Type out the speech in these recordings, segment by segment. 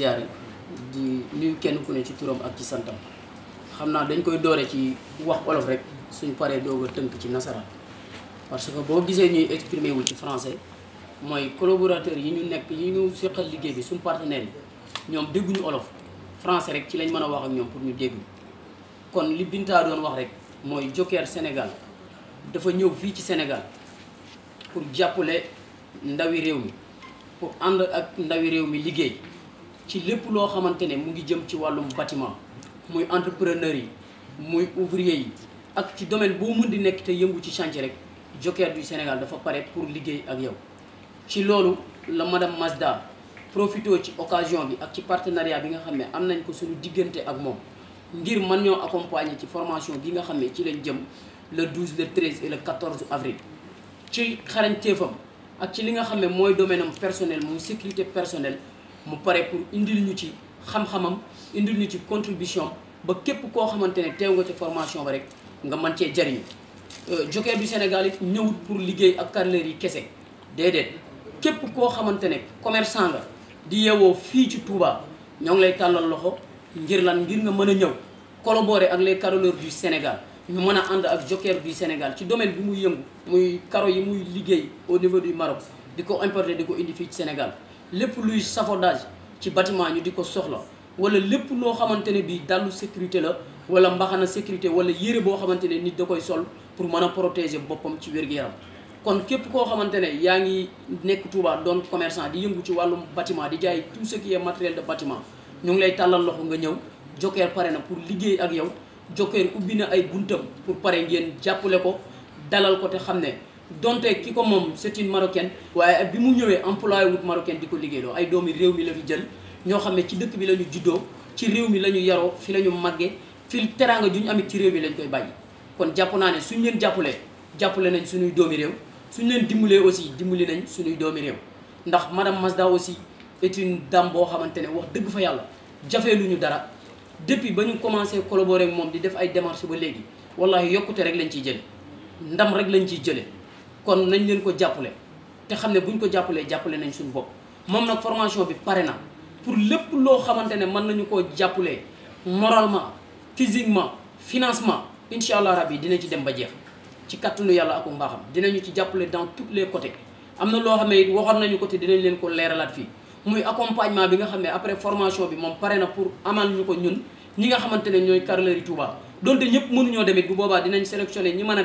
ziar di nuyu kenn ku ne ci turam ak ci santam xamna dañ koy doore ci wax olof rek suñ paré doga teunk ci nasara parce que bo gisé ñuy exprimer wu ci français moy collaborateur yi ñu nekk yi ñu sékkal liggéey bi suñ partenaire ñom ñoom dégguñu olof français rek ci lañ mëna wax ak ñom pour ñu dégg kon li Binta doon wax rek moy Joker Sénégal dafa ñëw fi ci Sénégal pour jàppale ndawi réew mi pour and ak ndawi réew mi liggéey ci lépp loo xamante ne mu ngi jëm ci wàllum bâtiment muy entrepreneur yi muy ouvrier yi ak ci domaine boo mën di nekk te yëngu ci chantier rek Joker du Sénégal dafa pare pour liggéey ak yow ci loolu la madame masda profité ci occasion bi ak ci partenariat bi nga xam ne am nañ ko suñu diggante ak moom ngir mën ñoo accompagner ci formation bi nga xam ne ci leen jëm le 12 le 13 et le 14 avril ci xarañteefam ak ci li nga xam ne mooy domaine am personnel muy sécurité personnelle mu pare pour indi indil ñu ci xam-xamam indil ñu ci contribution ba képp koo xamante ne teew nga ci formation ba rek nga mën cee jariñu euh, joker du Sénégal it ñëwut pour liggéey ak carreleurs yi kese déedéet képp koo xamante ne commerçant nga di yeewoo fii ci Touba ñoo ngi lay tàllal loxo ngir lan ngir nga mën a ñëw collaborer ak les carreleurs du Sénégal ñu mën a ànd ak joker du Sénégal ci domaine bi muy yëngu muy karo yi muy liggéey au niveau du Maroc di ko importer di ko indi fii ci Sénégal lépp luy safotage ci bâtiment ñu di ko soxla wala lépp loo xamante ne bii dàllu sécurité la wala mbaxana sécurité wala yére boo xamante ne nit da koy sol pour mën a protéger boppam ci wér-gu-yaram kon képp koo xamante ne yaa ngi nekk Touba doon commercant di yëngu ci wàllum bâtiment di jaay tout ce qui matériel de bâtiment ñu ngi lay tàllal loxo nga ñëw Joker pare na pour liggéey ak yow Joker ubbi na ay buntam pour pare ngeen jàppule ko dalal ko xam ne donte ki ko moom c'est une marocaine waaye bi mu ñëwee employé wut marocaine di ko liggéeyloo ay doomi réew mi la fi jël ñoo xam ne ci dëkk bi la ñu juddoo ci réew mi la ñu yaroo fi la ñu màggee fi teraanga ju ñu amit ci réew mi lañ koy bàyyi kon jàpp naa ne suñu leen jàppalee jàppale nañ suñuy doomi réew suñu leen dimbalee aussi dimbali nañ suñuy doomi réew ndax madame masda aussi est une boo xamante ne wax dëgg fa yàlla jafe lu ñu dara depuis ba ñu commencé collaborer ak moom di def ay démarches ba léegi wallahi yokkute rek lañ ciy jële ndam rek lañ ciy jële kon nañ leen ko jàppale te xam ne buñ ko jàppalee jàppale nañ suñu bopp moom nag formation bi pare na pour lépp loo xamante ne mën nañu koo jàppalee moralement physiquement financement incha allah rabi dina ci dem ba jeex ci kattanu yàlla ak mbaaxam dinañu ci jàppale dans tous les côtés am na loo xam ne it waxoon nañu ko te dinañ leen ko leeralaat fii muy accompagnement bi nga xam ne après formation bi moom pare na pour amal ñu ko ñun ñi nga xamante ne ñooy carreleurs yi Touba donte ñëpp mënuñoo dem it bu boobaa dinañ sélectionné ñi mën a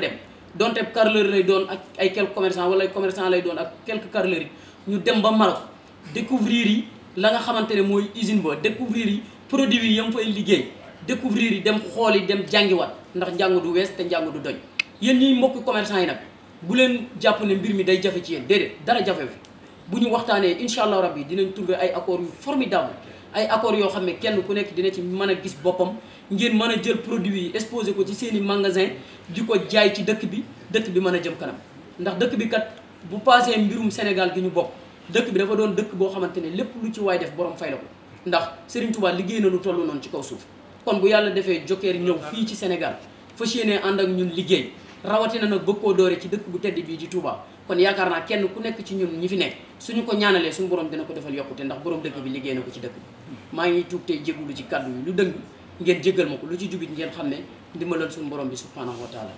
donte carreleur lay doon ak ay quelques commerçants wala ay lay doon ak quelques carreleurs yi ñu dem ba Maroc découvrir yi la nga xamante ne mooy usine ba découvrir yi produit yi yam fay liggéey découvrir yi dem xool yi dem jàngiwaat ndax njàng du wees te njàng du doñ yéen ñiy mbokk commerçants yi nag bu leen jàpp ne mbir mi day jafe ci yéen déedéet dara jafe fi bu ñu waxtaanee incha allah rabbi dinañ trouver ay accords yu formidable ay accords yoo xam ne kenn ku nekk dina ci mën a gis boppam ngir mën a jël produit yi exposé ko ci seeni magasin di ko jaay ci dëkk bi dëkk bi mën a jëm kanam ndax dëkk bi kat bu passé mbirum Sénégal gi ñu bokk dëkk bi dafa doon dëkk boo xamante ne lépp lu ci waay def borom fay la ko ndax Serigne Touba liggéey na lu toll noonu ci kaw suuf kon bu yàlla defee Joker ñëw fii ci Sénégal fas yéenee ànd ak ñun liggéey rawatina nag bëgg koo doore ci dëkk bu tedd bii di kon yaakaar naa kenn ku nekk ci ñun ñi fi nekk suñu ko ñaanalee suñu borom dina ko defal yokkute ndax borom bi liggéey na ko maa ngi tuub tey ci kàddu yi lu dëng ngeen jégal ma ko lu ci jubit ngeen xam ne ndimbalal suñu borom bi subhanahu wa taala